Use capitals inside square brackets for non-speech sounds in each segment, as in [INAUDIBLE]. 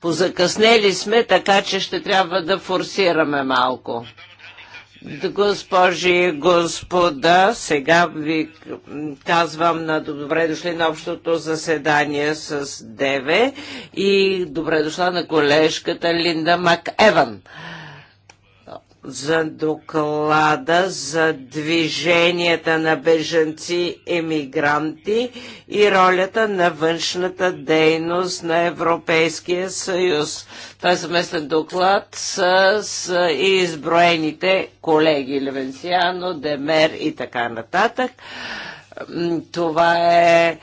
Позакъснели сме, така че ще трябва да форсираме малко. Госпожи и господа, сега ви казвам на добре дошли на общото заседание с Деве и добре дошла на колежката Линда МакЕван. Еван за доклада за движенията на бежанци емигранти и ролята на външната дейност на Европейския съюз. Това е съместен доклад с, с изброените колеги Левенсиано, Демер и така нататък. Това е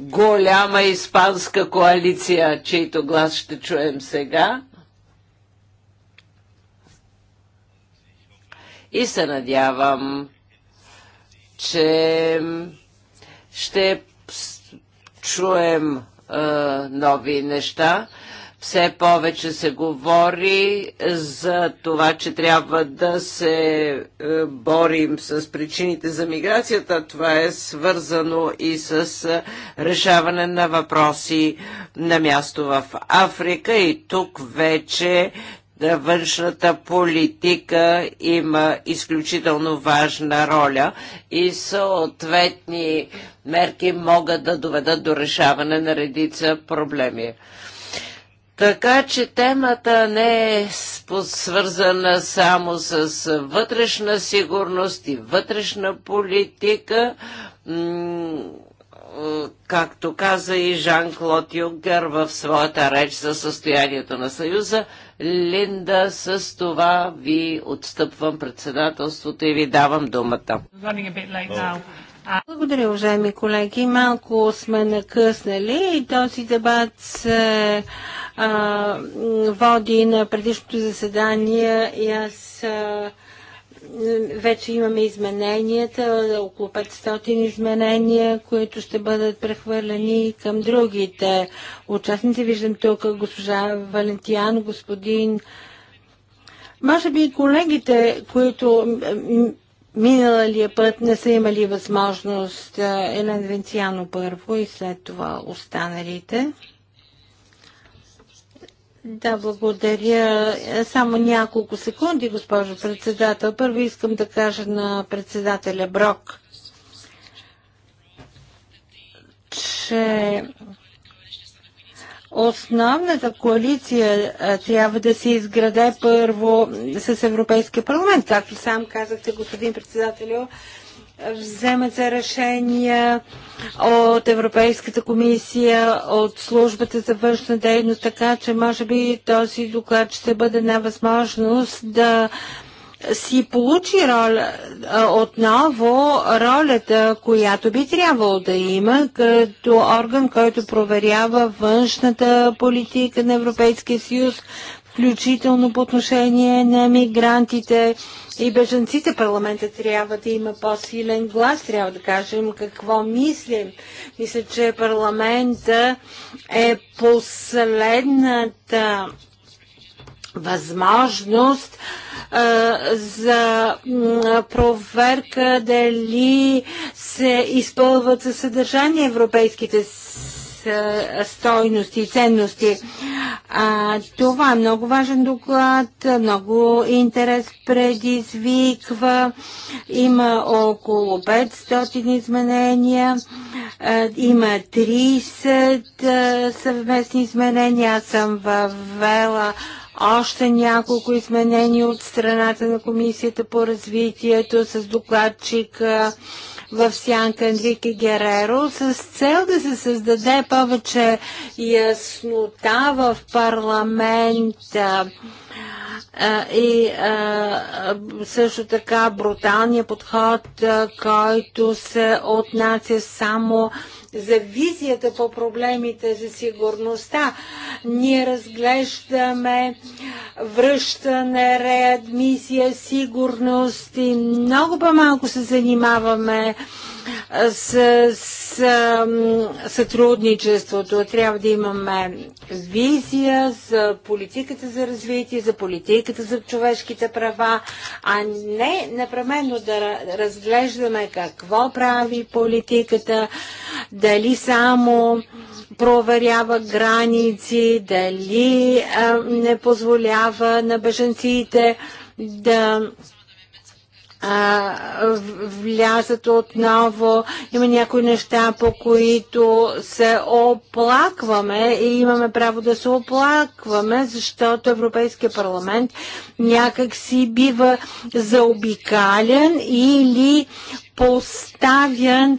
голяма испанска коалиция, чийто глас ще чуем сега и се надявам, че ще чуем е, нови неща. Все повече се говори за това, че трябва да се борим с причините за миграцията. Това е свързано и с решаване на въпроси на място в Африка и тук вече външната политика има изключително важна роля и съответни мерки могат да доведат до решаване на редица проблеми. Така че темата не е свързана само с вътрешна сигурност и вътрешна политика, както каза и Жан-Клод Юнкер в своята реч за състоянието на Съюза, Линда, с това ви отстъпвам председателството и ви давам думата. Благодаря, уважаеми колеги. Малко сме накъснали и този дебат се а, води на предишното заседание и аз а, вече имаме измененията, около 500 изменения, които ще бъдат прехвърлени към другите участници. Виждам тук госпожа Валентиян, господин. Може би колегите, които минала ли път не са имали възможност, Елен Венциано първо и след това останалите. Да, благодаря. Само няколко секунди, госпожо председател. Първо искам да кажа на председателя Брок, че основната коалиция трябва да се изграде първо с Европейския парламент. Както сам казахте, господин председателю, вземат за решения от Европейската комисия, от службата за външна дейност, така че може би този доклад ще бъде една възможност да си получи роля, отново ролята, която би трябвало да има като орган, който проверява външната политика на Европейския съюз, включително по отношение на мигрантите и бежанците. Парламента трябва да има по-силен глас, трябва да кажем какво мислим. Мисля, че парламента е последната възможност а, за проверка дали се изпълват със съдържание европейските стойности и ценности. А, това е много важен доклад, много интерес предизвиква. Има около 500 изменения, а, има 30 а, съвместни изменения. Аз съм въвела още няколко изменения от страната на Комисията по развитието с докладчика в Сянка Енрике Гереро с цел да се създаде повече яснота в парламента и също така бруталния подход, който се отнася само за визията по проблемите за сигурността. Ние разглеждаме връщане, реадмисия, сигурност и много по-малко се занимаваме с, с сътрудничеството. Трябва да имаме визия за политиката за развитие, за политиката за човешките права, а не непременно да разглеждаме какво прави политиката, дали само проверява граници, дали а, не позволява на беженците да а, влязат отново. Има някои неща, по които се оплакваме и имаме право да се оплакваме, защото Европейския парламент някак си бива заобикален или поставен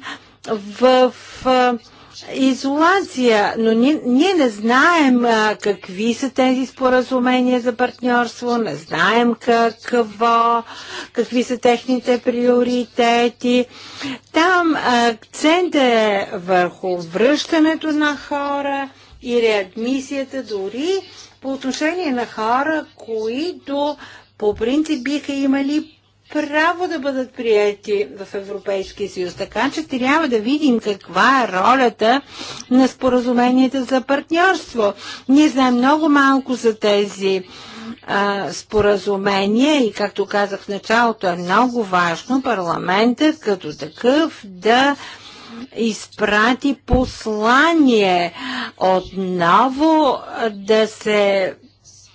в а, изолация, но ние, ние не знаем а, какви са тези споразумения за партньорство, не знаем какво, какви са техните приоритети. Там акцент е върху връщането на хора и реадмисията дори по отношение на хора, които по принцип биха имали право да бъдат прияти в Европейския съюз. Така че трябва да видим каква е ролята на споразуменията за партньорство. Ние знаем много малко за тези а, споразумение и както казах в началото е много важно парламентът като такъв да изпрати послание отново да се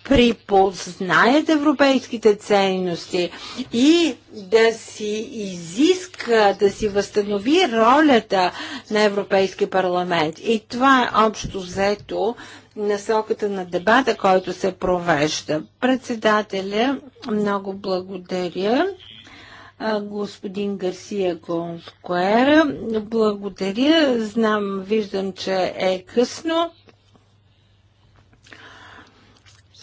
припознаят европейските ценности и да си изиска, да си възстанови ролята на Европейския парламент. И това е общо взето насоката на дебата, който се провежда. Председателя, много благодаря. Господин Гарсия Конскуера, благодаря. Знам, виждам, че е късно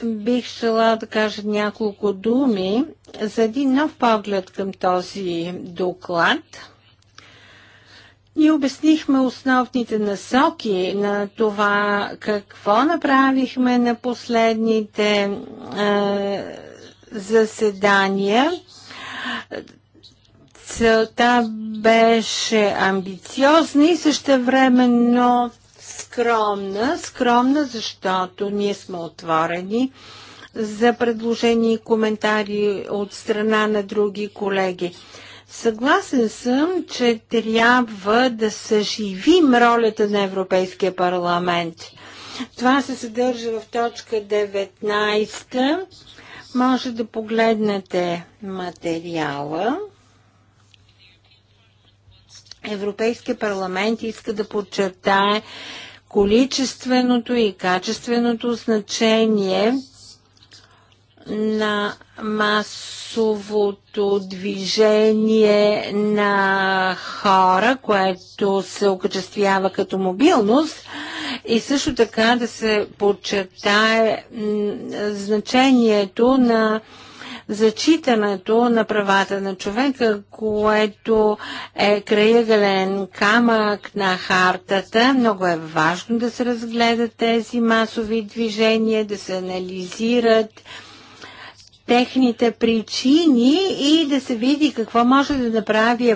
бих желала да кажа няколко думи за един нов поглед към този доклад. Ние обяснихме основните насоки на това какво направихме на последните е, заседания. Целта беше амбициозна и същевременно скромна. Скромна, защото ние сме отворени за предложения и коментари от страна на други колеги. Съгласен съм, че трябва да съживим ролята на Европейския парламент. Това се съдържа в точка 19. Може да погледнете материала. Европейския парламент иска да подчертае количественото и качественото значение на масовото движение на хора, което се окачествява като мобилност и също така да се подчертае значението на зачитането на правата на човека, което е краягален камък на хартата. Много е важно да се разгледат тези масови движения, да се анализират техните причини и да се види какво може да направи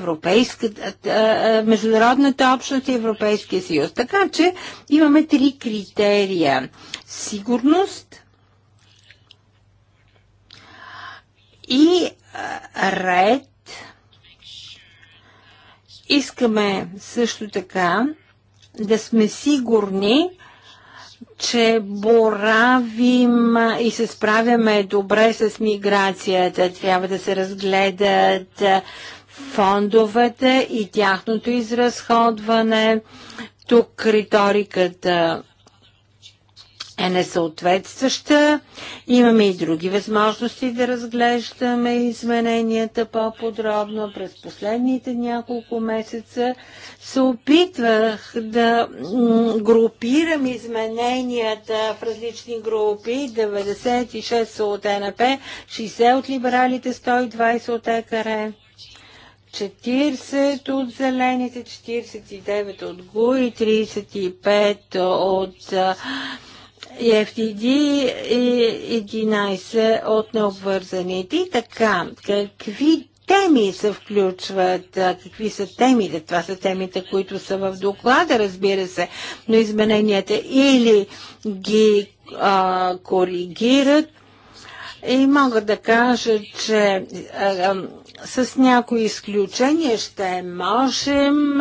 международната общност и Европейския съюз. Така че имаме три критерия. Сигурност, и ред. Искаме също така да сме сигурни, че боравим и се справяме добре с миграцията. Трябва да се разгледат фондовете и тяхното изразходване. Тук риториката е несъответстваща. Имаме и други възможности да разглеждаме измененията по-подробно. През последните няколко месеца се опитвах да групирам измененията в различни групи. 96 са от НП, 60 от либералите, 120 от ЕКР. 40 от зелените, 49 от ГУ и 35 от FTD и 11 е от необвързаните. така, какви теми се включват, какви са темите, това са темите, които са в доклада, разбира се, но измененията или ги а, коригират и мога да кажа, че а, с някои изключения ще можем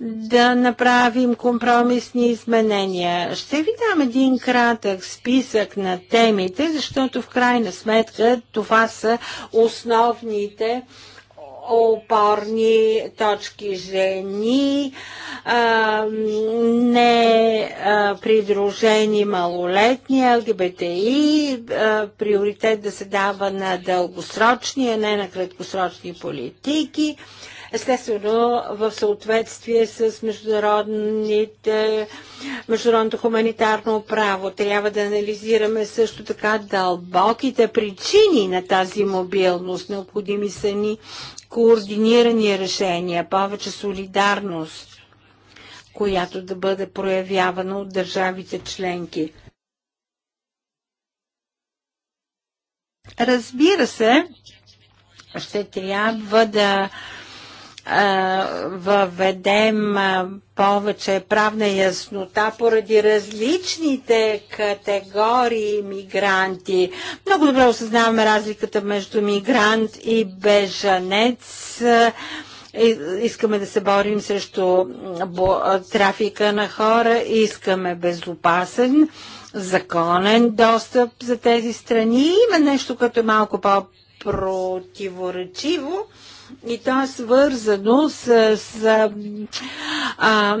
да направим компромисни изменения. Ще ви дам един кратък списък на темите, защото в крайна сметка това са основните опорни точки жени, не придружени малолетни, ЛГБТИ, приоритет да се дава на дългосрочни, а не на краткосрочни политики естествено в съответствие с международните, международното хуманитарно право. Трябва да анализираме също така дълбоките причини на тази мобилност. Необходими са ни координирани решения, повече солидарност, която да бъде проявявана от държавите членки. Разбира се, ще трябва да въведем повече правна яснота поради различните категории мигранти. Много добре осъзнаваме разликата между мигрант и бежанец. Искаме да се борим срещу трафика на хора, искаме безопасен, законен достъп за тези страни. Има нещо, като е малко по-противоречиво и то е свързано с, а, а,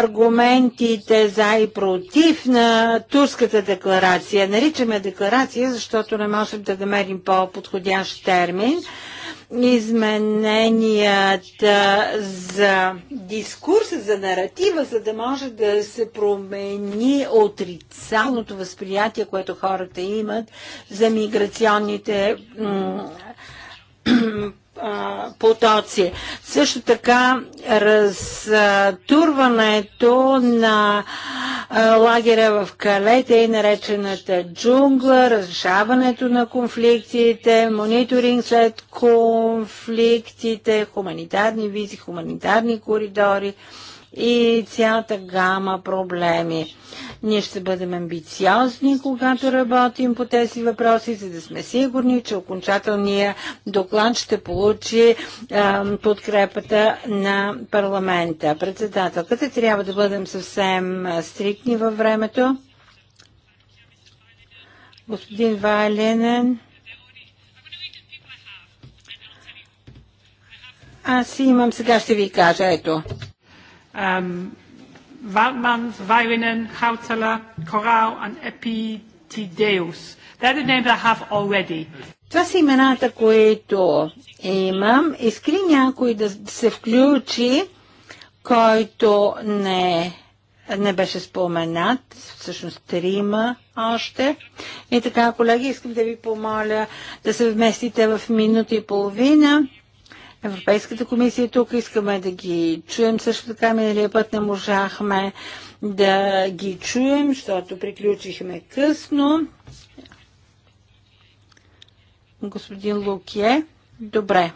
аргументите за и против на турската декларация. Наричаме декларация, защото не можем да намерим по-подходящ термин измененията за дискурса, за наратива, за да може да се промени отрицалното възприятие, което хората имат за миграционните потоци. Също така разтурването на лагеря лагера в Калете и наречената джунгла, разрешаването на конфликтите, мониторинг след конфликтите, хуманитарни визи, хуманитарни коридори и цялата гама проблеми. Ние ще бъдем амбициозни, когато работим по тези въпроси, за да сме сигурни, че окончателният доклад ще получи е, подкрепата на парламента. Председателката трябва да бъдем съвсем стрикни във времето. Господин Валенен. Аз имам, сега ще ви кажа, ето. Um, Valmans, Vairinen, Hautala, Corral and Epitideus. They're the names I have already. Това са имената, които имам. Искри някой да се включи, който не, не беше споменат, всъщност трима още. И така, колеги, искам да ви помоля да се вместите в минута и половина. Европейската комисия е тук. Искаме да ги чуем също така. Миналия път не можахме да ги чуем, защото приключихме късно. Господин Лукие, добре.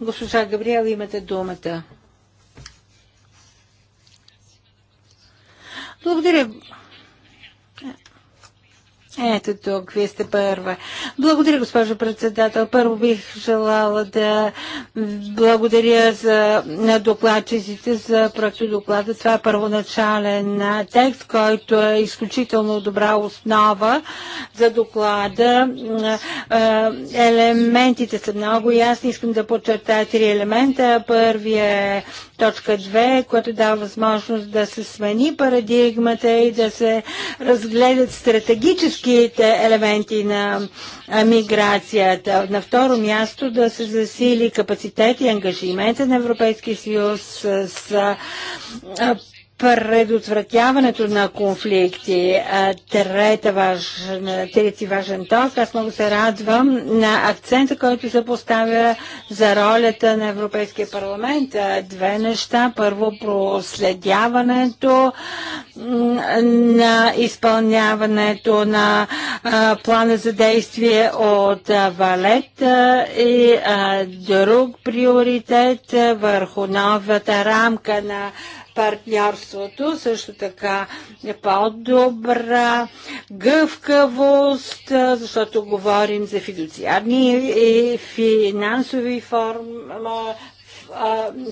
Госпожа Габриел, имате думата. Благодаря, ето тук, вие сте първа. Благодаря, госпожо председател. Първо бих желала да благодаря за, на докладчиците за доклада. Това е първоначален текст, който е изключително добра основа за доклада. Елементите са много ясни. Искам да подчертая три елемента. Първият е точка 2, която дава възможност да се смени парадигмата и да се разгледат стратегически всичките елементи на миграцията. На второ място да се засили капацитет и ангажимента на Европейския съюз с предотвратяването на конфликти. Трета важна, трети важен ток. Аз много се радвам на акцента, който се поставя за ролята на Европейския парламент. Две неща. Първо, проследяването на изпълняването на плана за действие от Валет и друг приоритет върху новата рамка на партньорството, също така по-добра гъвкавост, защото говорим за фидуциарни и финансови форми,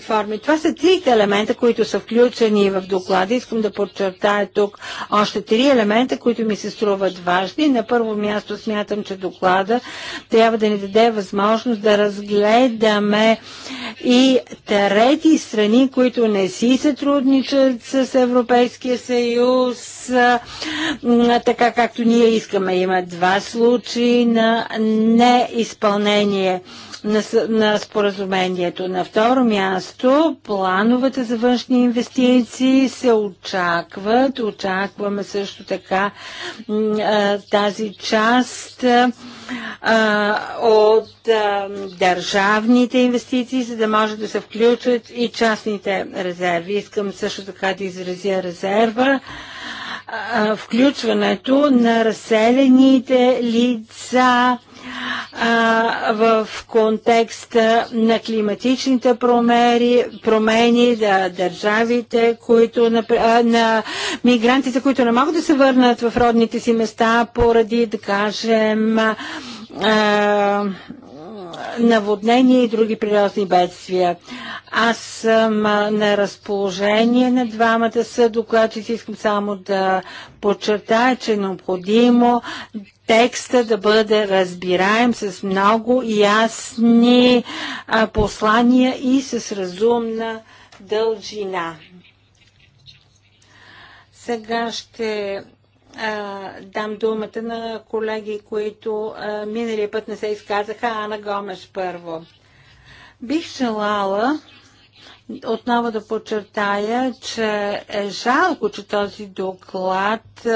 форми. Това са трите елемента, които са включени в доклада. Искам да подчертая тук още три елемента, които ми се струват важни. На първо място смятам, че доклада трябва да ни даде възможност да разгледаме и трети страни, които не си сътрудничат с Европейския съюз, така както ние искаме. Има два случаи на неизпълнение на, на споразумението. На второ място, плановете за външни инвестиции се очакват. Очакваме също така тази част от държавните инвестиции, за да може да се включат и частните резерви. Искам също така да изразя резерва включването на разселените лица а, в контекста на климатичните промери, промени, да, държавите, които на, на мигрантите, които не могат да се върнат в родните си места поради, да кажем, а, наводнения и други природни бедствия. Аз съм на разположение на двамата съдокладчици. Искам само да подчертая, че е необходимо текста да бъде разбираем с много ясни послания и с разумна дължина. Сега ще дам думата на колеги, които миналия път не се изказаха. Ана Гомеш първо. Бих желала отново да подчертая, че е жалко, че този доклад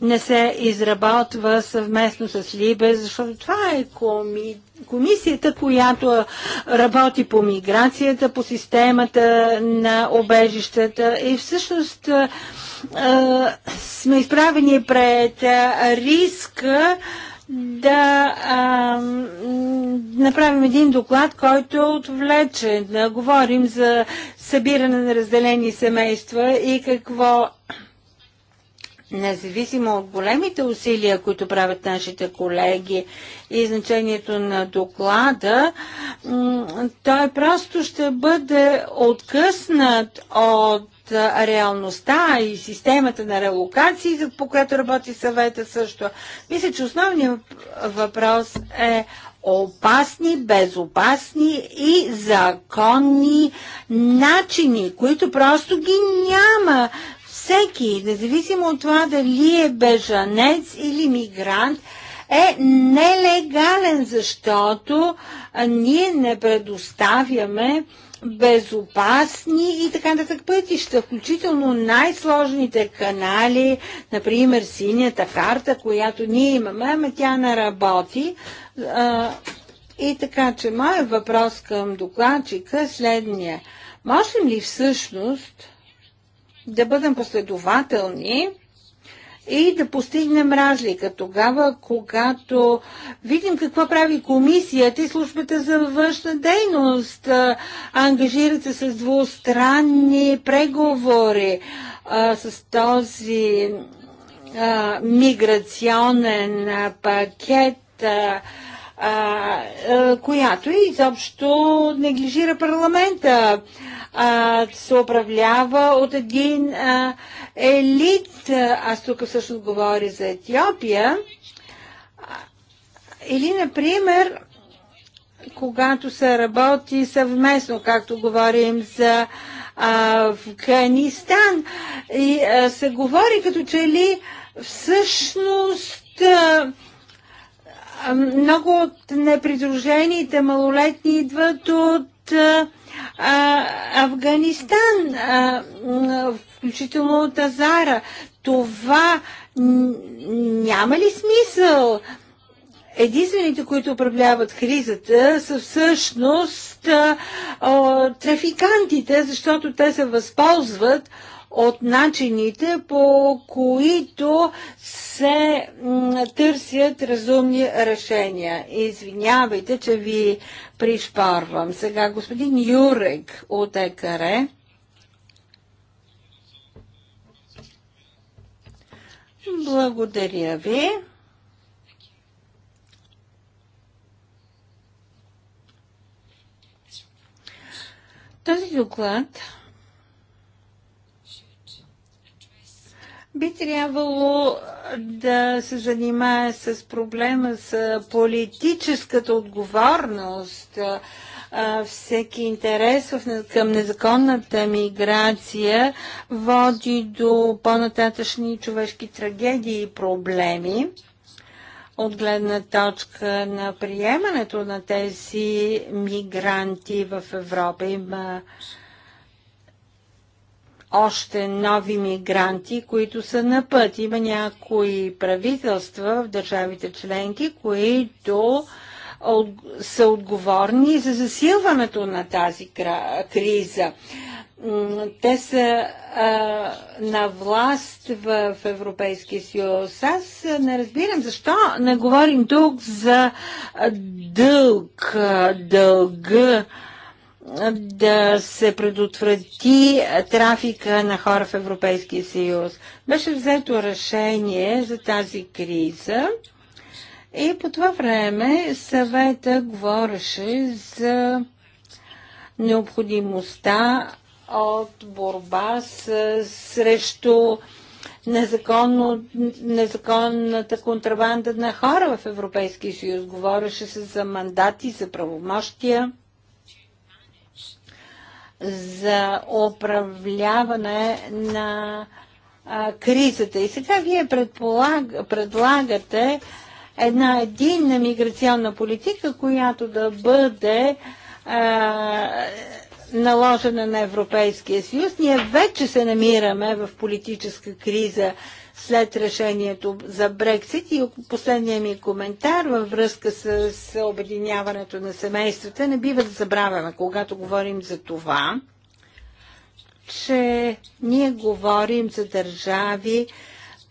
не се изработва съвместно с Либе, защото това е коми... комисията, която работи по миграцията, по системата на обежищата и всъщност е, сме изправени пред риска да а, направим един доклад, който е отвлечен. Да говорим за събиране на разделени семейства и какво независимо от големите усилия, които правят нашите колеги и значението на доклада, той просто ще бъде откъснат от реалността и системата на релокации, по която работи съвета също. Мисля, че основният въпрос е опасни, безопасни и законни начини, които просто ги няма. Всеки, независимо от това дали е бежанец или мигрант, е нелегален, защото ние не предоставяме безопасни и така нататък пътища, включително най-сложните канали, например синята карта, която ние имаме, ама тя не работи. и така, че моят въпрос към докладчика е следния. Можем ли всъщност да бъдем последователни и да постигнем разлика тогава, когато видим какво прави комисията и службата за външна дейност. Ангажират се с двустранни преговори а, с този а, миграционен пакет. А, която изобщо неглижира парламента. А, се управлява от един а, елит. Аз тук всъщност говоря за Етиопия. Или, например, когато се работи съвместно, както говорим за Афганистан, и а, се говори като че ли всъщност а, много от непридружените малолетни идват от а, Афганистан, а, включително от Азара. Това няма ли смисъл? единствените, които управляват кризата, са всъщност а, а, трафикантите, защото те се възползват от начините, по които се търсят разумни решения. Извинявайте, че ви пришпарвам. Сега господин Юрек от ЕКАРЕ. Благодаря ви. Този доклад трябвало да се занимае с проблема с политическата отговорност. Всеки интерес към незаконната миграция води до по-нататъчни човешки трагедии и проблеми от гледна точка на приемането на тези мигранти в Европа. Има още нови мигранти, които са на път. Има някои правителства в държавите членки, които са отговорни за засилването на тази криза. Те са а, на власт в, Европейския съюз. Аз не разбирам защо не говорим тук за дълг, дълга да се предотврати трафика на хора в Европейския съюз. Беше взето решение за тази криза и по това време съвета говореше за необходимостта от борба с, срещу незаконно, незаконната контрабанда на хора в Европейския съюз. Говореше се за мандати, за правомощия за управляване на а, кризата. И сега вие предполаг, предлагате една единна миграционна политика, която да бъде а, наложена на Европейския съюз. Ние вече се намираме в политическа криза след решението за Брексит. И последния ми коментар във връзка с обединяването на семействата не бива да забравяме, когато говорим за това, че ние говорим за държави,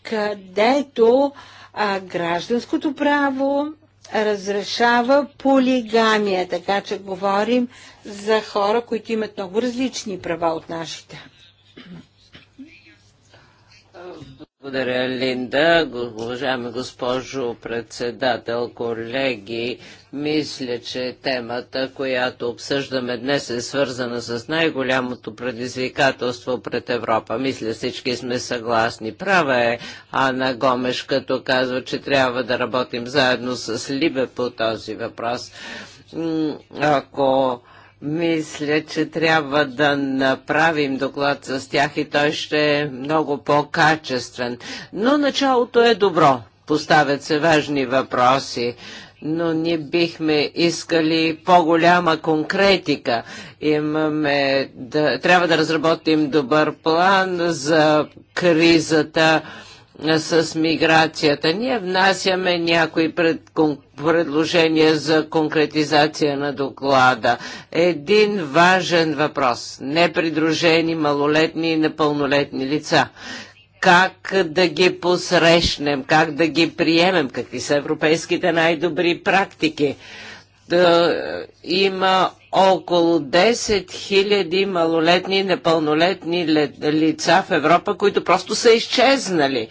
където а, гражданското право разрешава полигамия, така че говорим за хора, които имат много различни права от нашите. Благодаря, Линда. Уважаема госпожо председател, колеги, мисля, че темата, която обсъждаме днес е свързана с най-голямото предизвикателство пред Европа. Мисля, всички сме съгласни. Права е Ана Гомеш, като казва, че трябва да работим заедно с Либе по този въпрос. Ако мисля, че трябва да направим доклад с тях и той ще е много по-качествен. Но началото е добро. Поставят се важни въпроси но ние бихме искали по-голяма конкретика. Имаме да, трябва да разработим добър план за кризата с миграцията. Ние внасяме някои пред, предложения за конкретизация на доклада. Един важен въпрос. Непридружени малолетни и непълнолетни лица как да ги посрещнем, как да ги приемем, какви са европейските най-добри практики. Да, има около 10 000 малолетни и непълнолетни лица в Европа, които просто са изчезнали.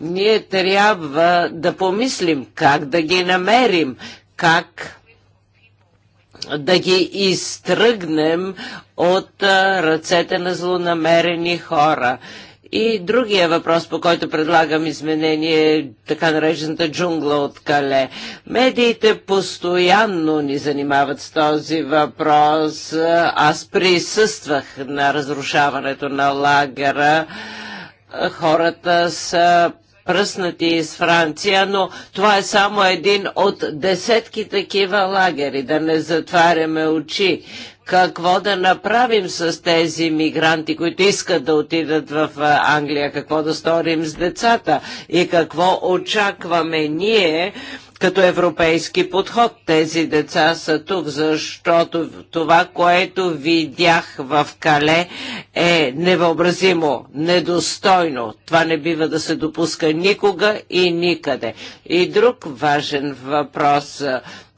Ние трябва да помислим как да ги намерим, как да ги изтръгнем от ръцете на злонамерени хора. И другия въпрос, по който предлагам изменение, е така наречената джунгла от Кале. Медиите постоянно ни занимават с този въпрос. Аз присъствах на разрушаването на лагера хората са пръснати из Франция, но това е само един от десетки такива лагери, да не затваряме очи. Какво да направим с тези мигранти, които искат да отидат в Англия? Какво да сторим с децата? И какво очакваме ние? като европейски подход. Тези деца са тук, защото това, което видях в Кале е невъобразимо, недостойно. Това не бива да се допуска никога и никъде. И друг важен въпрос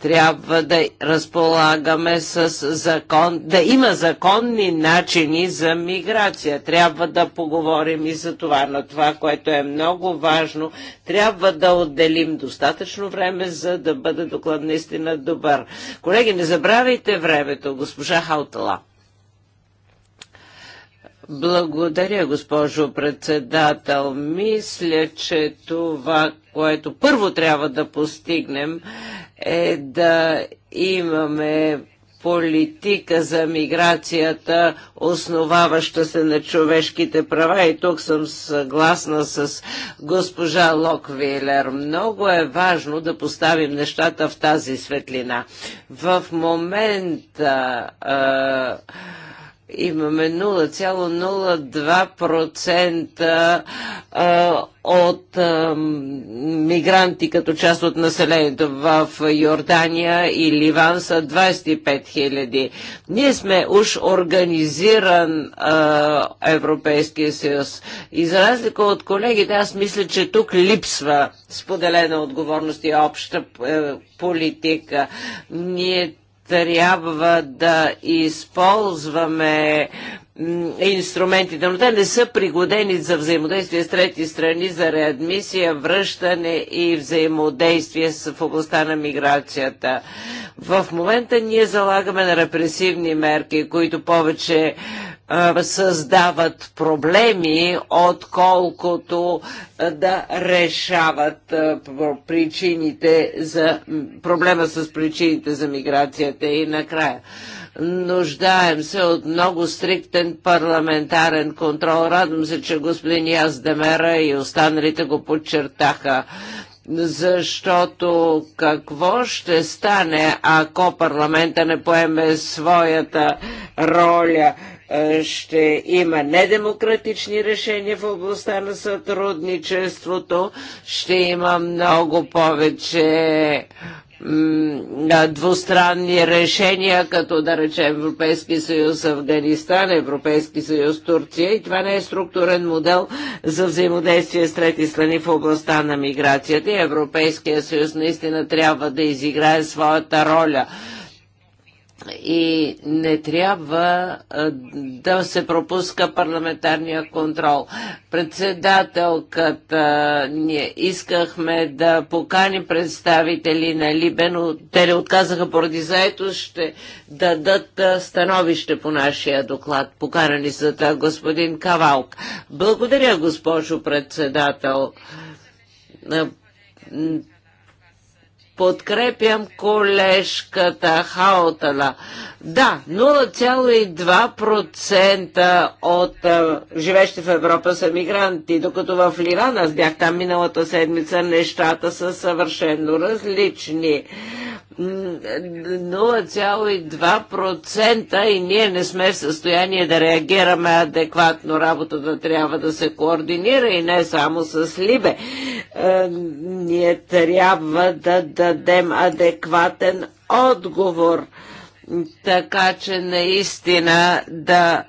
трябва да разполагаме с закон, да има законни начини за миграция. Трябва да поговорим и за това, на това, което е много важно, трябва да отделим достатъчно време, за да бъде доклад наистина добър. Колеги, не забравяйте времето, госпожа Хаутала. Благодаря, госпожо председател. Мисля, че това, което първо трябва да постигнем е да имаме политика за миграцията, основаваща се на човешките права. И тук съм съгласна с госпожа Локвилер. Много е важно да поставим нещата в тази светлина. В момента. Е, имаме 0,02% от мигранти като част от населението в Йордания и Ливан са 25 000. Ние сме уж организиран а, Европейския съюз. И за разлика от колегите, аз мисля, че тук липсва споделена отговорност и обща е, политика. Ние трябва да използваме инструментите, но те не са пригодени за взаимодействие с трети страни, за реадмисия, връщане и взаимодействие в областта на миграцията. В момента ние залагаме на репресивни мерки, които повече създават проблеми, отколкото да решават причините за проблема с причините за миграцията и накрая. Нуждаем се от много стриктен парламентарен контрол. Радвам се, че господин Яздемера и останалите го подчертаха защото какво ще стане, ако парламента не поеме своята роля е, ще има недемократични решения в областта на сътрудничеството, ще има много повече двустранни решения, като да речем Европейски съюз Афганистан, Европейски съюз Турция и това не е структурен модел за взаимодействие с трети страни в областта на миграцията и Европейския съюз наистина трябва да изиграе своята роля и не трябва да се пропуска парламентарния контрол. Председателката ние искахме да покани представители на Либе, но те не отказаха поради заето, ще дадат становище по нашия доклад. Поканани са да господин Кавалк. Благодаря, госпожо председател Подкрепям колежката Хаотала. Да, 0,2% от а, живещи в Европа са мигранти, докато в Лиран, аз бях там миналата седмица, нещата са съвършенно различни. 0,2% и ние не сме в състояние да реагираме адекватно. Работата трябва да се координира и не само с Либе. Е, ние трябва да дадем адекватен отговор, така че наистина да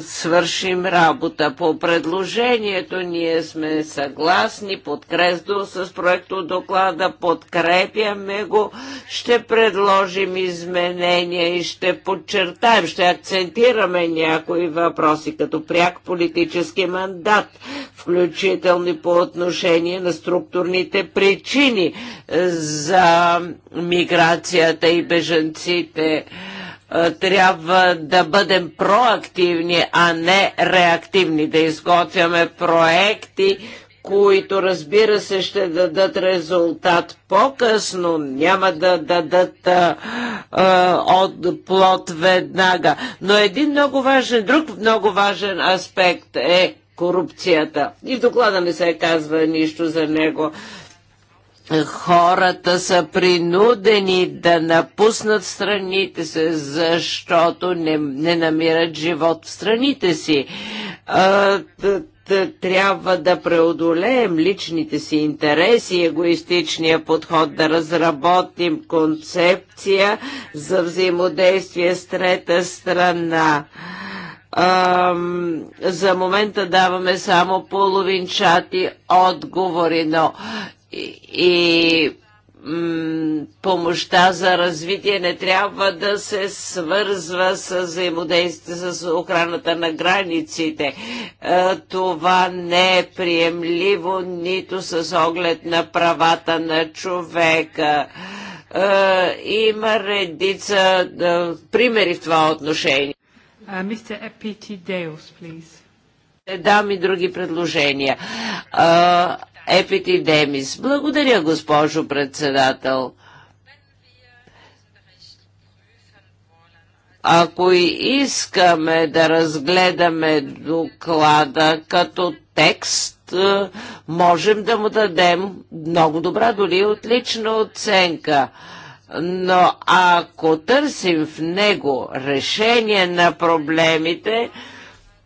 свършим работа. По предложението ние сме съгласни, подкрезно с проекто доклада, подкрепяме го, ще предложим изменения и ще подчертаем, ще акцентираме някои въпроси, като пряк политически мандат, включителни по отношение на структурните причини за миграцията и беженците е, трябва да бъдем проактивни, а не реактивни, да изготвяме проекти, които разбира се ще дадат резултат по-късно, няма да дадат а, е, а, е, от плод веднага. Но един много важен, друг много важен аспект е корупцията. И в доклада не се казва нищо за него хората са принудени да напуснат страните си, защото не, не намират живот в страните си. А, трябва да преодолеем личните си интереси, егоистичния подход, да разработим концепция за взаимодействие с трета страна. Ам, за момента даваме само половинчати отговори, но и, м, помощта за развитие не трябва да се свързва с взаимодействие с охраната на границите. Е, това не е приемливо нито с оглед на правата на човека. Е, има редица е, примери в това отношение. Мистер please. Дам и други предложения епитидемис. Благодаря, госпожо председател. Ако и искаме да разгледаме доклада като текст, е, можем да му дадем много добра, дори отлична оценка но ако търсим в него решение на проблемите,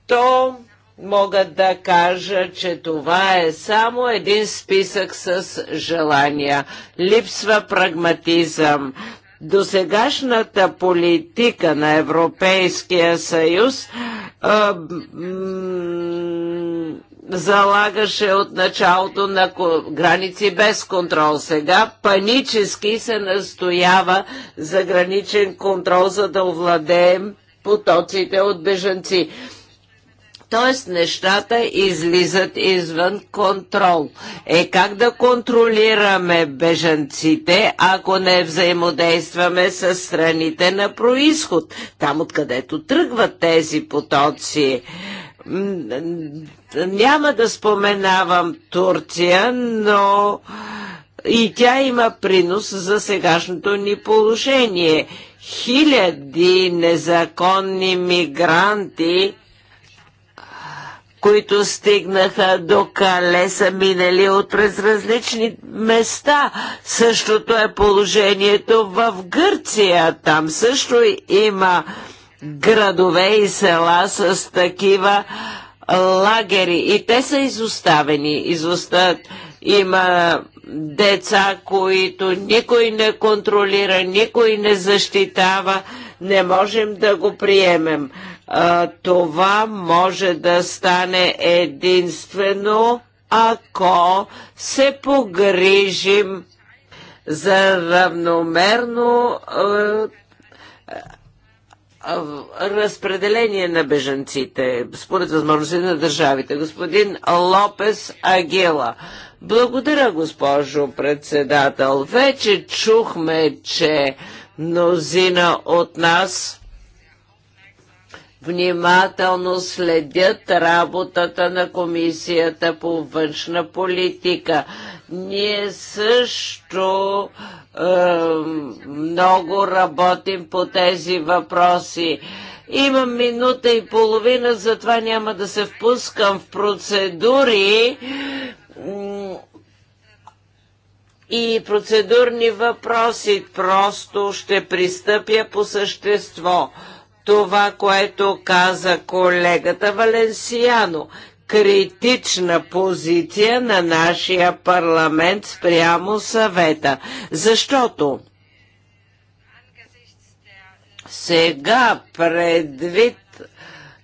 то мога да кажа, че това е само един списък с желания. Липсва прагматизъм. Досегашната политика на Европейския съюз а, залагаше от началото на граници без контрол. Сега панически се настоява за граничен контрол, за да овладеем потоците от бежанци. Тоест нещата излизат извън контрол. Е как да контролираме бежанците, ако не взаимодействаме с страните на происход, там откъдето тръгват тези потоци? Няма да споменавам Турция, но и тя има принос за сегашното ни положение. Хиляди незаконни мигранти които стигнаха до са минали от през различни места. Същото е положението в Гърция. Там също има градове и села с такива лагери. И те са изоставени. Изостат. Има деца, които никой не контролира, никой не защитава. Не можем да го приемем това може да стане единствено, ако се погрижим за равномерно разпределение на бежанците според възможностите на държавите. Господин Лопес Агела. Благодаря, госпожо председател. Вече чухме, че мнозина от нас внимателно следят работата на Комисията по външна политика. Ние също е, много работим по тези въпроси. Имам минута и половина, затова няма да се впускам в процедури и процедурни въпроси. Просто ще пристъпя по същество това, което каза колегата Валенсиано. Критична позиция на нашия парламент спрямо съвета. Защото сега предвид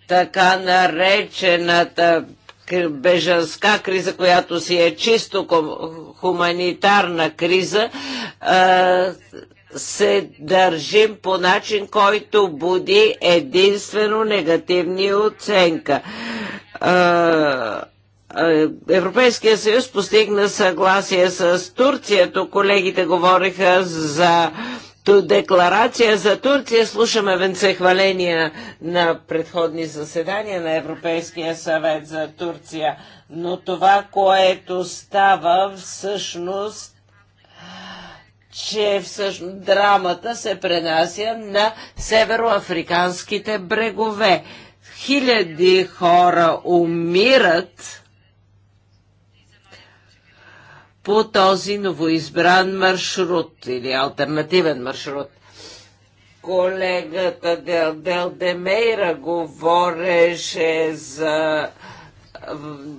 така наречената бежанска криза, която си е чисто хуманитарна криза, се държим по начин, който буди единствено негативни оценка. Европейския съюз постигна съгласие с Турция. Тук колегите говориха за декларация за Турция. Слушаме хваления на предходни заседания на Европейския съвет за Турция. Но това, което става всъщност че всъщност драмата се пренася на североафриканските брегове. Хиляди хора умират по този новоизбран маршрут или альтернативен маршрут. Колегата Дел, Дел Демейра говореше за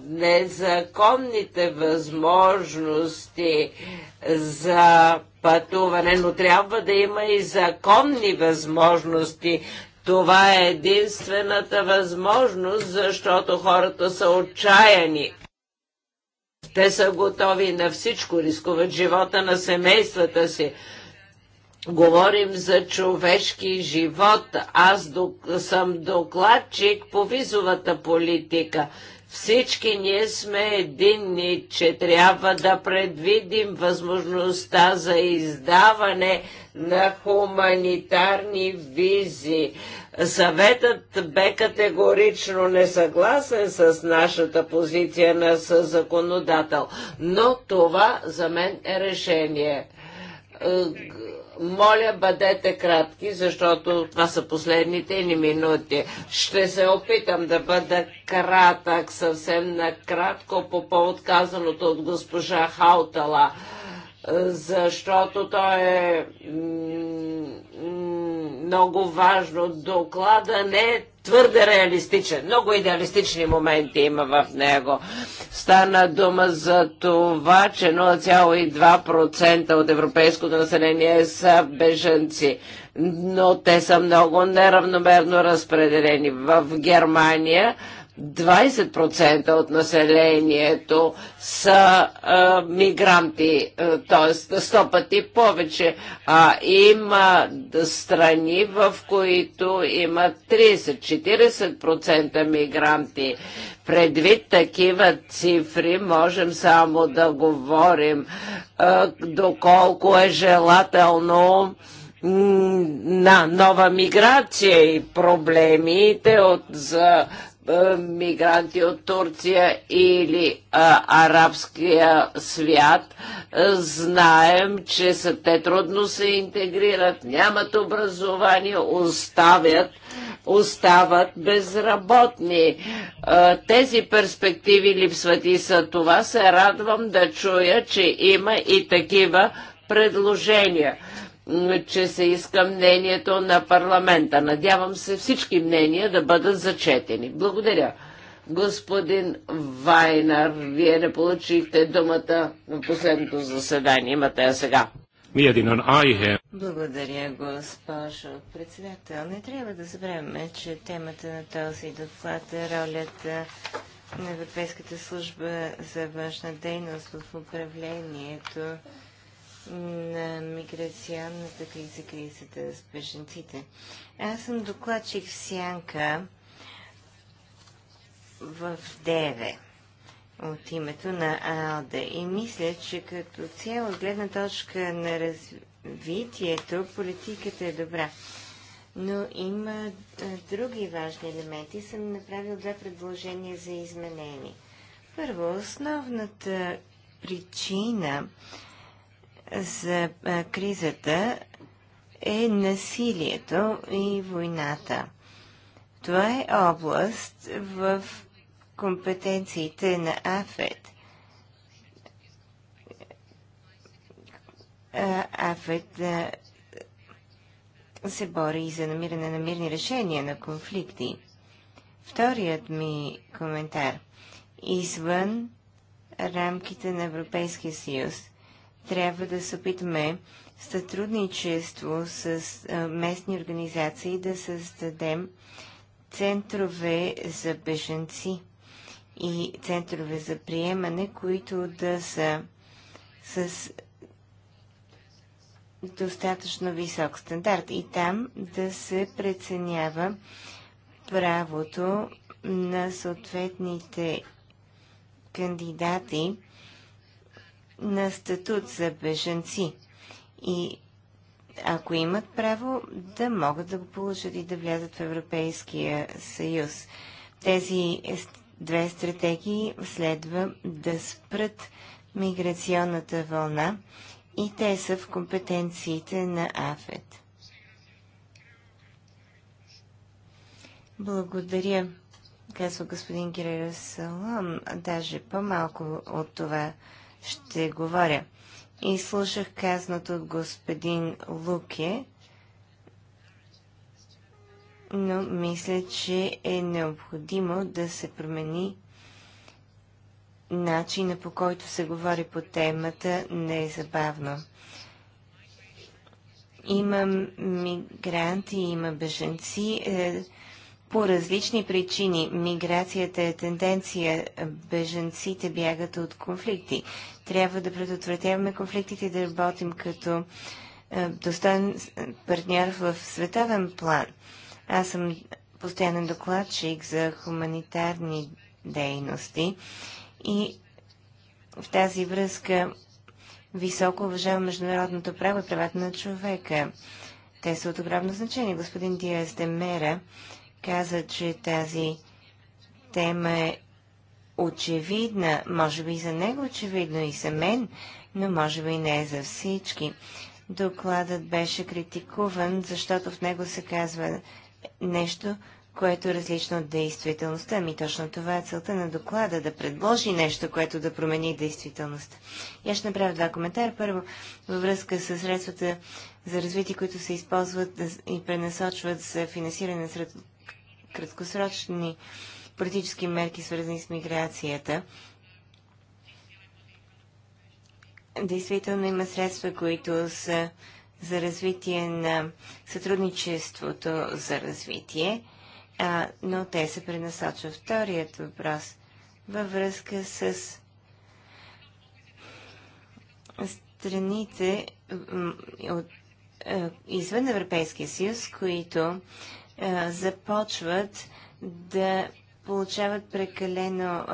незаконните възможности за пътуване, но трябва да има и законни възможности. Това е единствената възможност, защото хората са отчаяни. Те са готови на всичко, рискуват живота на семействата си. Говорим за човешки живот. Аз док... съм докладчик по визовата политика. Всички ние сме единни, че трябва да предвидим възможността за издаване на хуманитарни визи. Съветът бе категорично несъгласен с нашата позиция на законодател, но това за мен е решение е, моля, бъдете кратки, защото това са последните ни минути. Ще се опитам да бъда кратък, съвсем накратко по повод казаното от госпожа Хаутала, защото то е много важно. Доклада не е твърде реалистичен. Много идеалистични моменти има в него. Стана дума за това, че 0,2% от европейското население са беженци, но те са много неравномерно разпределени. В Германия 20% от населението са а, мигранти, т.е. 100 пъти повече. А има страни, в които има 30-40% мигранти. Предвид такива цифри можем само да говорим а, доколко е желателно на нова миграция и проблемите от, за мигранти от Турция или а, арабския свят, знаем, че са, те трудно се интегрират, нямат образование, оставят, остават безработни. А, тези перспективи липсват и са това се радвам да чуя, че има и такива предложения че се иска мнението на парламента. Надявам се всички мнения да бъдат зачетени. Благодаря. Господин Вайнар, вие не получихте думата в последното заседание. Имате я сега. Благодаря, госпожо председател. Не трябва да забравяме, че темата на този доклад е ролята на Европейската служба за външна дейност в управлението на миграционната криза, кризата с беженците. Аз съм докладчик в Сянка в Деве от името на АЛДА и мисля, че като цяло от гледна точка на развитието политиката е добра. Но има други важни елементи. Съм направил две предложения за изменение. Първо, основната причина за кризата е насилието и войната. Това е област в компетенциите на АФЕД. АФЕД се бори и за намиране на мирни решения на конфликти. Вторият ми коментар. Извън рамките на Европейския съюз трябва да се опитаме в сътрудничество с местни организации да създадем центрове за беженци и центрове за приемане, които да са с достатъчно висок стандарт и там да се преценява правото на съответните кандидати на статут за бежанци. И ако имат право, да могат да го получат и да влязат в Европейския съюз. Тези две стратегии следва да спрат миграционната вълна и те са в компетенциите на АФЕД. Благодаря, казва господин Кирил даже по-малко от това, ще говоря. И слушах казното от господин Луке, но мисля, че е необходимо да се промени начина по който се говори по темата незабавно. Е има мигранти, има беженци. Е, по различни причини. Миграцията е тенденция, беженците бягат от конфликти. Трябва да предотвратяваме конфликтите и да работим като е, достоен партньор в световен план. Аз съм постоянен докладчик за хуманитарни дейности и в тази връзка високо уважавам международното право и правата на човека. Те са от огромно значение. Господин Диас Демера каза, че тази тема е очевидна. Може би за него е очевидно и за мен, но може би не е за всички. Докладът беше критикуван, защото в него се казва нещо, което е различно от действителността. Ми точно това е целта на доклада, да предложи нещо, което да промени действителността. Я ще направя два коментара. Първо, във връзка с средствата за развитие, които се използват и пренасочват за финансиране на сред краткосрочни политически мерки, свързани с миграцията, действително има средства, които са за развитие на сътрудничеството за развитие, а, но те се пренасочват Вторият въпрос във връзка с страните от, извън Европейския съюз, които започват да получават прекалено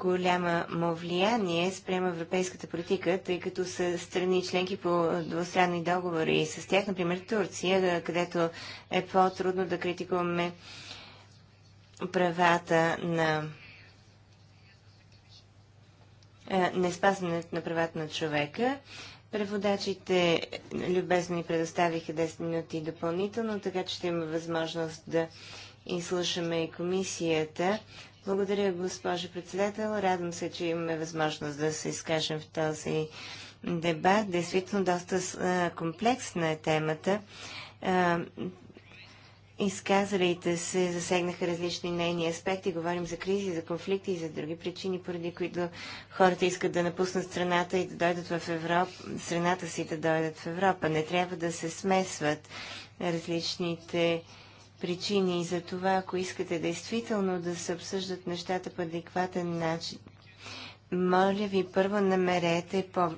голяма му влияние спрямо европейската политика, тъй като са страни членки по двустранни договори и с тях, например Турция, където е по-трудно да критикуваме правата на е, не спазването на правата на човека. Преводачите любезно ни предоставиха 10 минути допълнително, така че ще има възможност да изслушаме и комисията. Благодаря, госпожо председател. Радвам се, че имаме възможност да се изкажем в този дебат. Действително, доста е, комплексна е темата. Е, изказалите се засегнаха различни нейни аспекти. Говорим за кризи, за конфликти и за други причини, поради които хората искат да напуснат страната и да дойдат в Европа, страната си да дойдат в Европа. Не трябва да се смесват различните причини и за това, ако искате действително да се обсъждат нещата по адекватен начин, моля ви първо намерете по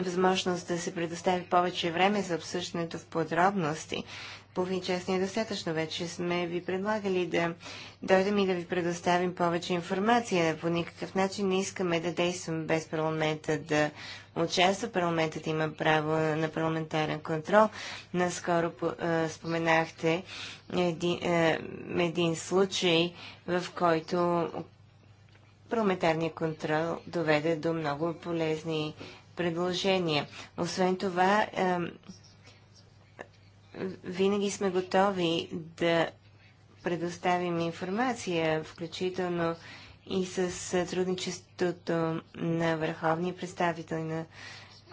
възможност да се предостави повече време за обсъждането в подробности, половин час не е достатъчно. Вече сме ви предлагали да дойдем и да ви предоставим повече информация. По никакъв начин не искаме да действаме без парламента да участва. Парламентът има право на парламентарен контрол. Наскоро споменахте един, един случай, в който парламентарният контрол доведе до много полезни предложения. Освен това, винаги сме готови да предоставим информация, включително и с сътрудничеството на върховни представители на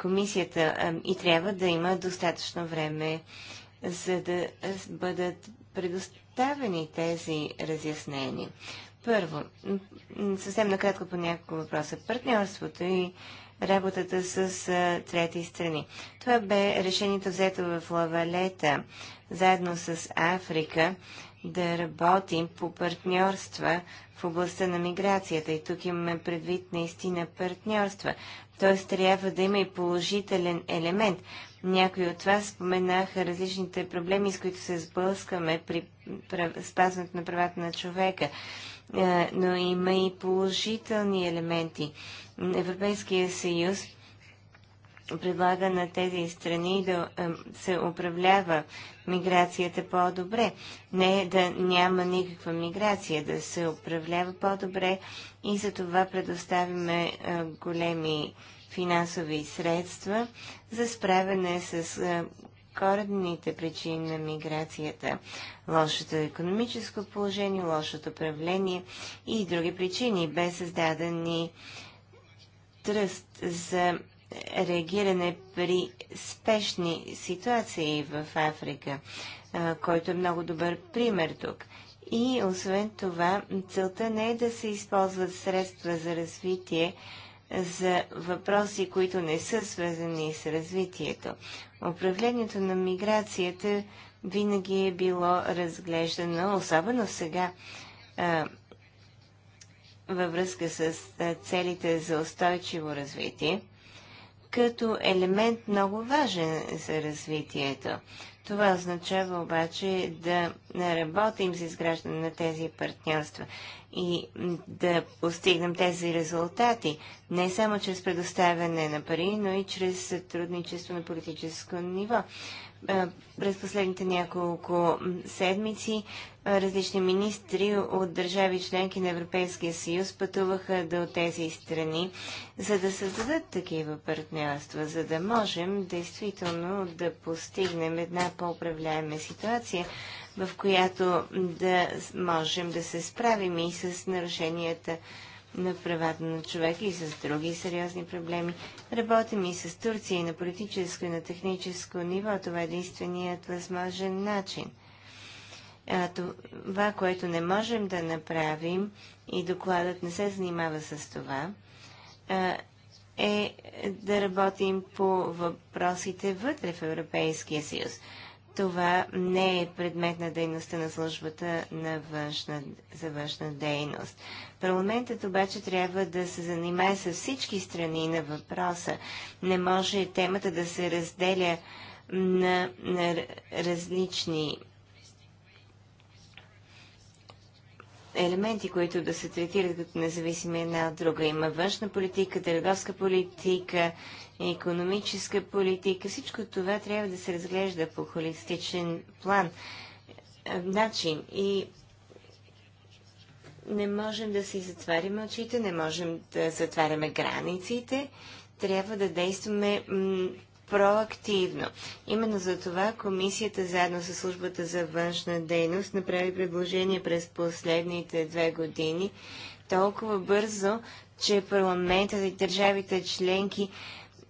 комисията. И трябва да има достатъчно време, за да бъдат предоставени тези разяснения. Първо, съвсем накратко по няколко въпроса. Партньорството и работата с а, трети страни. Това бе решението взето в Лавалета, заедно с Африка, да работим по партньорства в областта на миграцията. И тук имаме предвид наистина партньорства. Т.е. трябва да има и положителен елемент. Някои от вас споменаха различните проблеми, с които се сблъскаме при спазването на правата на човека. Е, но има и положителни елементи. Европейския съюз предлага на тези страни да е, се управлява миграцията по-добре. Не да няма никаква миграция, да се управлява по-добре и за това предоставяме е, големи финансови средства за справяне с корените причини на миграцията – лошото економическо положение, лошото правление и други причини. Бе създадени тръст за реагиране при спешни ситуации в Африка, който е много добър пример тук. И освен това, целта не е да се използват средства за развитие, за въпроси, които не са свързани с развитието. Управлението на миграцията винаги е било разглеждано, особено сега, във връзка с целите за устойчиво развитие, като елемент много важен за развитието. Това означава обаче да работим за изграждане на тези партньорства и да постигнем тези резултати не само чрез предоставяне на пари, но и чрез сътрудничество на политическо ниво. Е, през последните няколко седмици е, различни министри от държави членки на Европейския съюз пътуваха до тези страни, за да създадат такива партньорства, за да можем действително да постигнем една по-управляема ситуация, в която да можем да се справим и с нарушенията на правата на човека и с други сериозни проблеми. Работим и с Турция и на политическо и на техническо ниво. Това е единственият възможен начин. А, това, което не можем да направим, и докладът не се занимава с това, а, е да работим по въпросите вътре в Европейския съюз това не е предмет на дейността на службата на външна, за външна дейност. Парламентът обаче трябва да се занимае с всички страни на въпроса. Не може темата да се разделя на, на различни елементи, които да се третират като независими една от друга. Има външна политика, търговска политика, економическа политика. Всичко това трябва да се разглежда по холистичен план, е, начин и не можем да си затваряме очите, не можем да затваряме границите, трябва да действаме проактивно. Именно за това комисията заедно с службата за външна дейност направи предложение през последните две години толкова бързо, че парламентът и държавите членки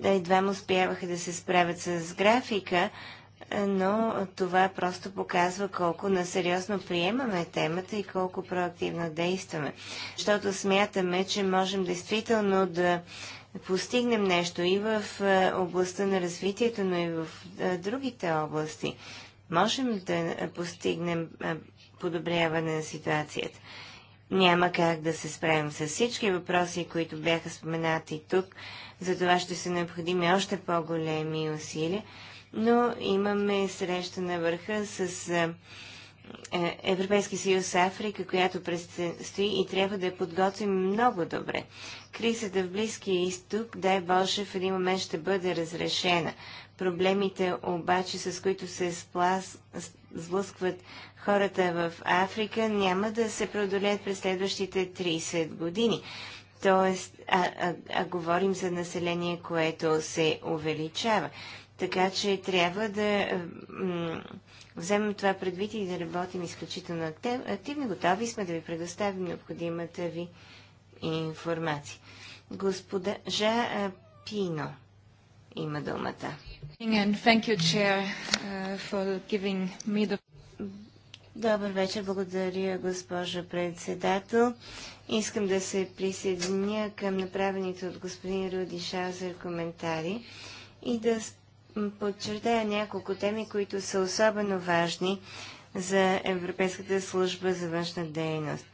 е, и двама успяваха да се справят с графика, е, но това просто показва колко насериозно приемаме темата и колко проактивно действаме. Защото смятаме, че можем действително да постигнем нещо и в е, областта на развитието, но и в другите области. Можем да постигнем подобряване на ситуацията. Няма как да се справим с всички въпроси, които бяха споменати тук за това ще са необходими още по-големи усилия. Но имаме среща на върха с е, Европейски съюз Африка, която предстои и трябва да я подготвим много добре. Кризата в Близкия изток, дай Боже, в един момент ще бъде разрешена. Проблемите обаче, с които се сплаз... сблъскват хората в Африка, няма да се преодолеят през следващите 30 години. Тоест, а, а, а говорим за население, което се увеличава. Така че трябва да вземем това предвид и да работим изключително активно. Готови сме да ви предоставим необходимата ви информация. Господа Жа Пино има думата. Uh, Добър вечер, благодаря госпожа председател. Искам да се присъединя към направените от господин Руди Шазер коментари и да подчертая няколко теми, които са особено важни за Европейската служба за външна дейност.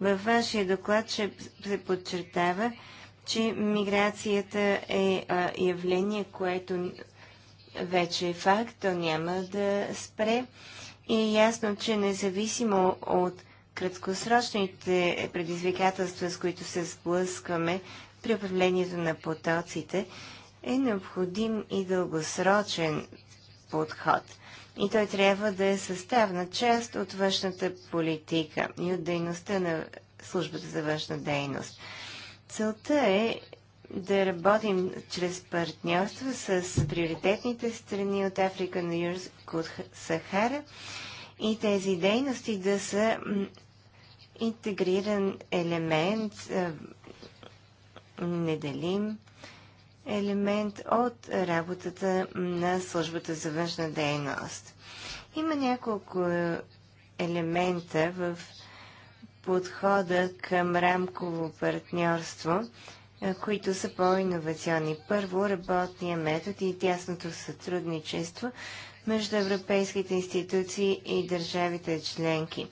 Във вашия доклад ще се подчертава, че миграцията е явление, което вече е факт, то няма да спре. И е ясно, че независимо от краткосрочните предизвикателства, с които се сблъскваме при управлението на потоците, е необходим и дългосрочен подход. И той трябва да е съставна част от външната политика и от дейността на службата за външна дейност. Целта е да работим чрез партньорства с приоритетните страни от Африка на Южна Сахара и тези дейности да са интегриран елемент, е, неделим елемент от работата на службата за външна дейност. Има няколко е, елемента в подхода към рамково партньорство, е, които са по-инновационни. Първо, работния метод и тясното сътрудничество между европейските институции и държавите членки.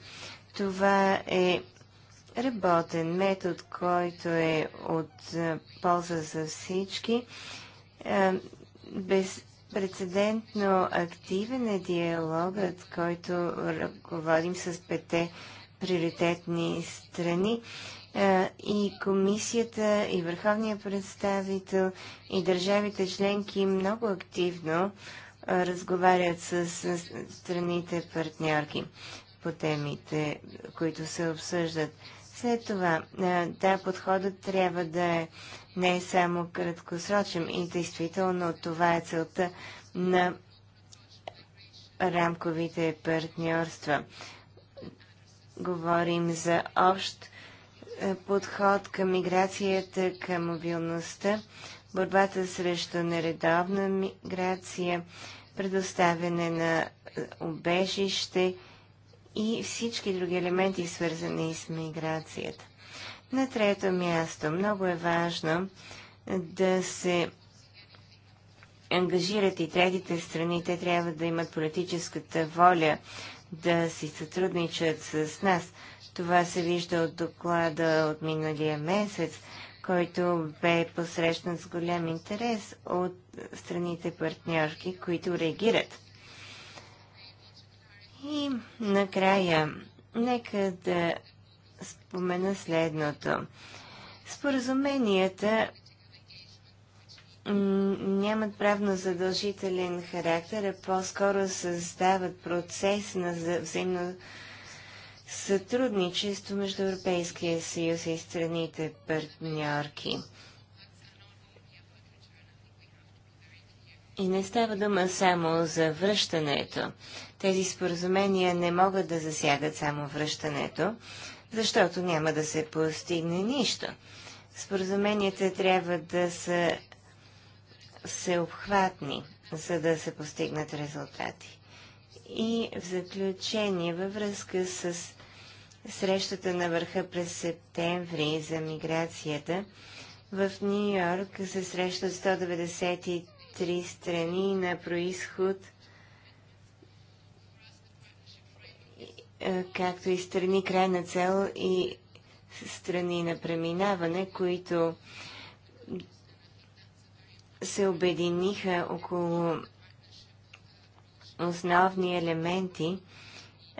Това е работен метод, който е от полза за всички. безпредседентно активен е диалогът, който ръководим с пете приоритетни страни. и комисията, и върховния представител, и държавите членки много активно разговарят с страните партньорки по темите, които се обсъждат. След това, да, подходът трябва да е не само краткосрочен и действително това е целта на рамковите партньорства. Говорим за общ подход към миграцията, към мобилността, борбата срещу нередовна миграция, предоставяне на обежище е, и всички други елементи, свързани с миграцията. На трето място, много е важно да се ангажират и третите страни. Те трябва да имат политическата воля да си сътрудничат с нас. Това се вижда от доклада от миналия месец който бе посрещан с голям интерес от страните партньорки, които реагират. И накрая, нека да спомена следното. Споразуменията нямат правно задължителен характер, а по-скоро създават процес на взаимно сътрудничество между Европейския съюз и страните партньорки. И не става дума само за връщането. Тези споразумения не могат да засягат само връщането, защото няма да се постигне нищо. Споразуменията трябва да са всеобхватни, за да се постигнат резултати. И в заключение, във връзка с срещата на върха през септември за миграцията, в Нью Йорк се срещат 193 страни на происход, е, както и страни крайна цел и страни на преминаване, които се обединиха около основни елементи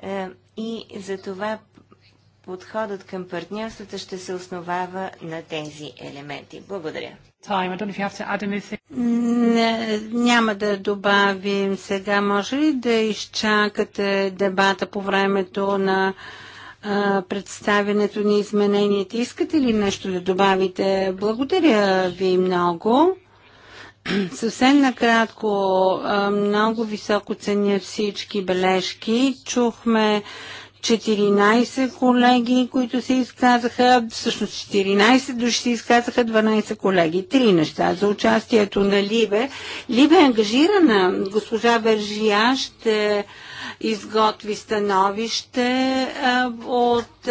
е, и за това подходът към партньорствата ще се основава на тези елементи. Благодаря. Не, няма да добавим сега. Може ли да изчакате дебата по времето на а, представянето на измененията? Искате ли нещо да добавите? Благодаря ви много. [CLEARS THROAT] Съвсем накратко, много високо ценя всички бележки. Чухме 14 колеги, които се изказаха, всъщност 14 души се изказаха, 12 колеги. Три неща за участието на Либе. Либе е ангажирана. Госпожа Бержия ще изготви становище от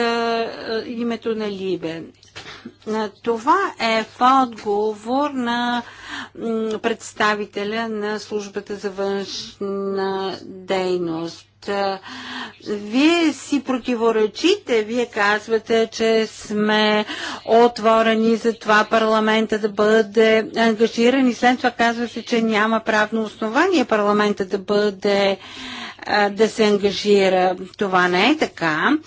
името на Либе. Това е в отговор на представителя на службата за външна дейност. Вие си противоречите. Вие казвате, че сме отворени за това парламента да бъде ангажиран и след това казвате, че няма правно основание парламента да бъде да се ангажира. Това не е така.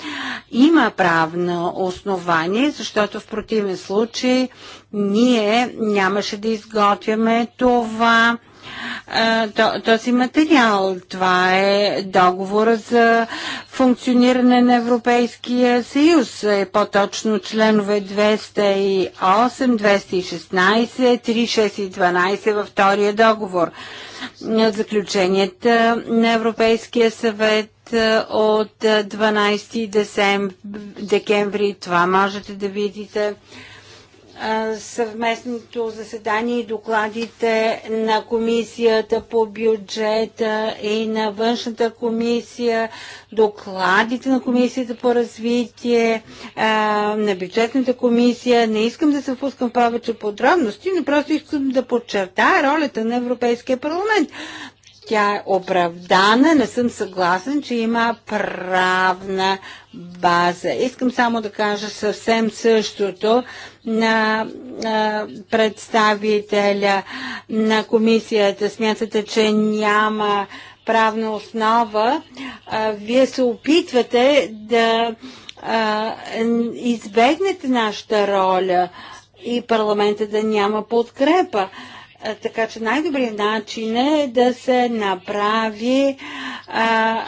Има правно основание, защото в противен случай ние нямаше да изготвяме това този материал. Това е договор за функциониране на Европейския съюз. Е по-точно членове 208, 216, 36 и 12 във втория договор. Заключенията на Европейския съвет е, от 12 е, декември. Това можете да видите съвместното заседание и докладите на комисията по бюджета и на външната комисия, докладите на комисията по развитие, на бюджетната комисия. Не искам да се впускам повече подробности, но просто искам да подчертая ролята на Европейския парламент тя е оправдана, не съм съгласен, че има правна база. Искам само да кажа съвсем същото на представителя на комисията. Смятате, че няма правна основа. А, вие се опитвате да а, избегнете нашата роля и парламента да няма подкрепа. Така че най-добрият начин е да се направи а,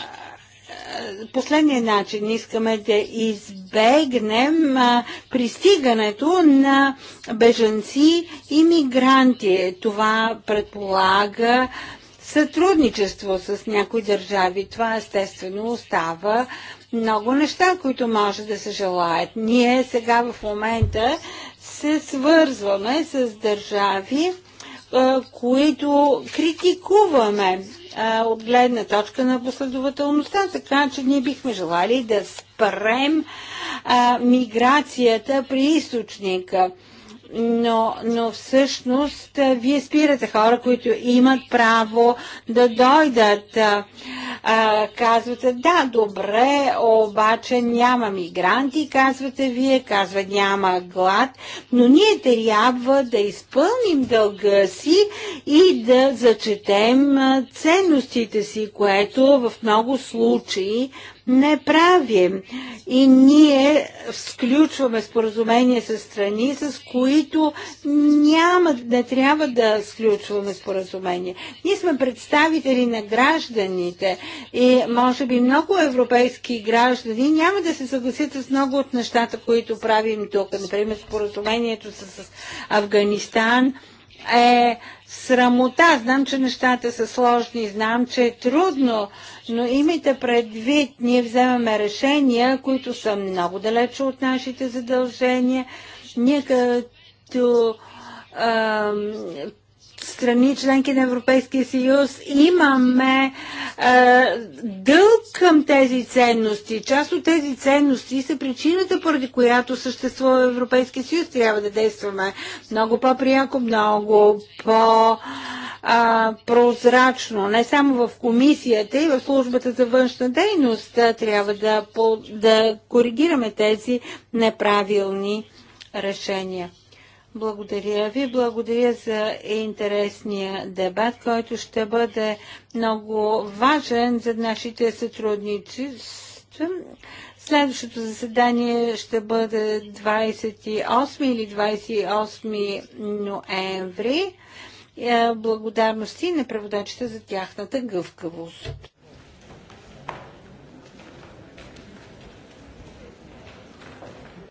последния начин. Искаме да избегнем а, пристигането на бежанци и мигранти. Това предполага сътрудничество с някои държави. Това естествено остава много неща, които може да се желаят. Ние сега в момента се свързваме с държави, които критикуваме от гледна точка на последователността, така че ние бихме желали да спрем миграцията при източника но, но всъщност вие спирате хора, които имат право да дойдат. А, казвате, да, добре, обаче няма мигранти, казвате вие, казва няма глад, но ние трябва да изпълним дълга си и да зачетем ценностите си, което в много случаи не правим. И ние включваме споразумение с страни, с които няма, не трябва да сключваме споразумение. Ние сме представители на гражданите и може би много европейски граждани няма да се съгласят с много от нещата, които правим тук. Например, споразумението с Афганистан – е срамота. Знам, че нещата са сложни, знам, че е трудно, но имайте предвид, ние вземаме решения, които са много далече от нашите задължения. Ние като страни, членки на Европейския съюз, имаме е, дълг към тези ценности. Част от тези ценности са причината, поради която съществува Европейския съюз. Трябва да действаме много по-прияко, много по- прозрачно, не само в комисията и в службата за външна дейност, трябва да, по, да коригираме тези неправилни решения. Благодаря ви. Благодаря за интересния дебат, който ще бъде много важен за нашите сътрудничества. Следващото заседание ще бъде 28 или 28 ноември. Благодарности на преводачите за тяхната гъвкавост.